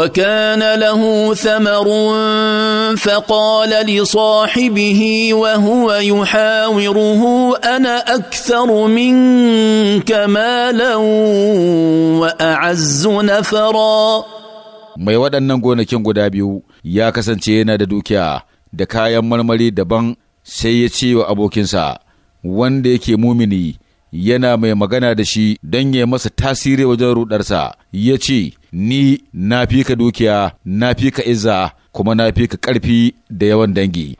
وكان له ثمر فقال لصاحبه وهو يحاوره انا اكثر منك مالا واعز نفرا mai waɗannan gonakin guda biyu ya kasance yana da dukiya da kayan marmari daban sai ya ce wa abokinsa wanda yake mumini yana mai magana da shi don ya masa tasiri wajen rudarsa ya ce ni na fi ka dukiya na fi ka izza kuma na fi ka ƙarfi da yawan dangi